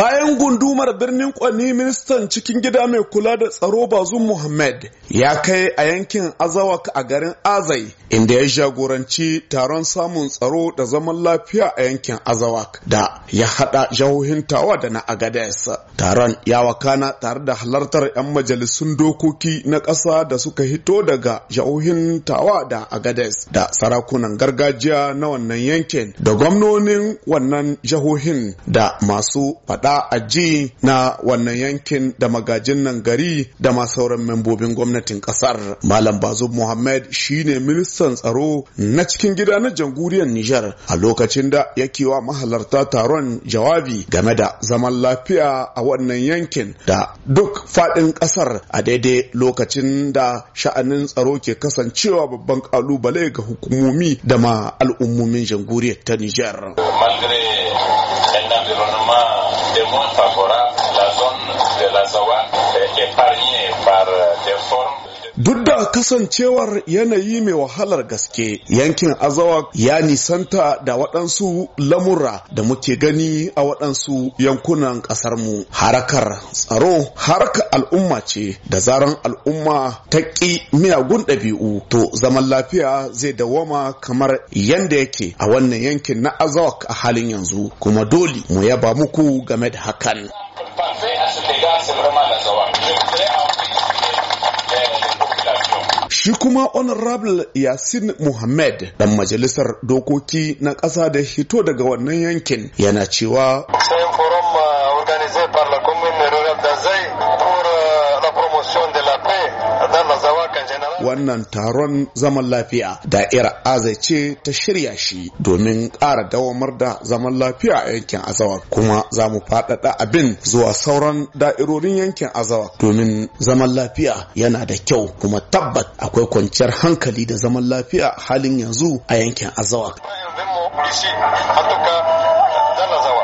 bayan gundumar birnin kwani ministan cikin gida mai kula da tsaro bazun muhammad ya kai a yankin azawak a garin azai inda ya jagoranci taron samun tsaro da zaman lafiya a yankin azawak da ya hada jahohin tawa da na agades taron ya wakana tare da halartar 'yan majalisun dokoki na ƙasa da suka hito daga jahohin tawa da agades da sarakunan gargajiya na wannan yankin da gwamnonin wannan jahohin da masu faɗa faɗa a ji na wannan yankin da magajin nan gari da ma sauran membobin gwamnatin ƙasar. Malam Bazum Muhammad shine ministan tsaro na cikin gida na jamhuriyar Nijar a lokacin da yake wa mahalarta taron jawabi game da zaman lafiya a wannan yankin da duk faɗin ƙasar a daidai lokacin da sha'anin tsaro ke kasancewa babban ƙalubale ga hukumomi da ma al'ummomin jamhuriyar ta Nijar. moins moins la zone de la Zawa est euh, épargnée par euh, des formes duk da kasancewar yanayi mai wahalar gaske yankin azawa ya nisanta da waɗansu lamura da muke gani a waɗansu yankunan ƙasarmu harakar tsaro harka al'umma ce da zaran al'umma ta ƙi miyagun ɗabi'u to zaman lafiya zai dawama kamar yanda yake a wannan yankin na azawak a halin yanzu kuma dole mu yaba muku game da hakan. Shi kuma Honorable Yasin Muhammad dan majalisar dokoki na ƙasa da hito daga wannan yankin yana cewa. Same wannan taron zaman lafiya da'ira azai ce ta shirya shi domin ƙara dawamar da zaman lafiya a yankin azawa kuma za mu faɗaɗa abin zuwa sauran da'irorin yankin azawa domin zaman lafiya yana da kyau kuma tabbat akwai kwanciyar hankali da zaman lafiya halin yanzu a yankin azawa.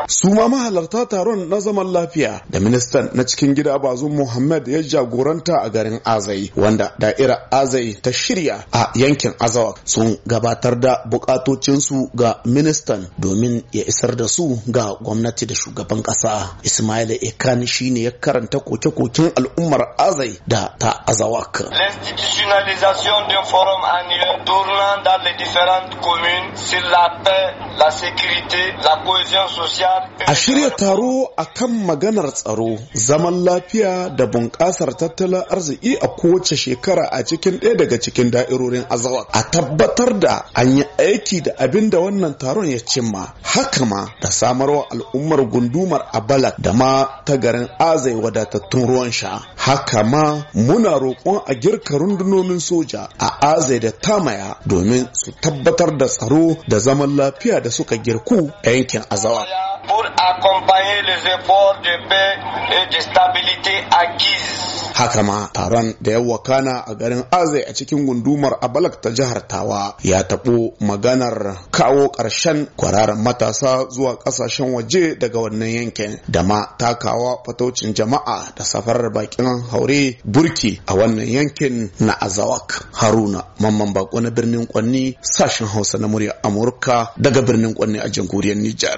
su ma mahalarta taron na zaman lafiya da ministan na cikin gida bazu muhammad ya jagoranta a garin azai wanda da'ira azai ta shirya a yankin azawa sun gabatar da bukatocinsu ga ministan domin ya isar da su ga gwamnati da shugaban kasa ismail ekan shine ya karanta koke-koken al'ummar azai da ta azawak l'institutionnalisation d'un forum annuel tournant dans les différentes communes sur la paix la sécurité la cohésion sociale A shirya taro a kan maganar tsaro, zaman lafiya da bunƙasar tattalin arziki a kowace shekara a cikin ɗaya daga cikin da'irorin azawa A tabbatar da an yi aiki da abin da wannan taron ya cimma, haka ma da samarwa al'ummar gundumar Abalat da ma ta garin Azai wadatattun ruwan sha. Haka ma muna roƙon a girka rundunonin soja a Azai da Tamaya domin su tabbatar da tsaro da zaman lafiya da suka girku a yankin azawa pour accompagner les efforts de paix et de stabilité acquises. Haka ma taron da ya wakana a garin Azai a cikin gundumar Abalak ta jihar Tawa ya taɓo maganar kawo ƙarshen kwararan matasa zuwa ƙasashen waje daga wannan yankin da ma takawa fatocin jama'a da safarar bakin haure burki a wannan yankin na Azawak. Haruna Mamman Bako na birnin Kwanni sashen Hausa na murya Amurka daga birnin Kwanni a jamhuriyar Nijar.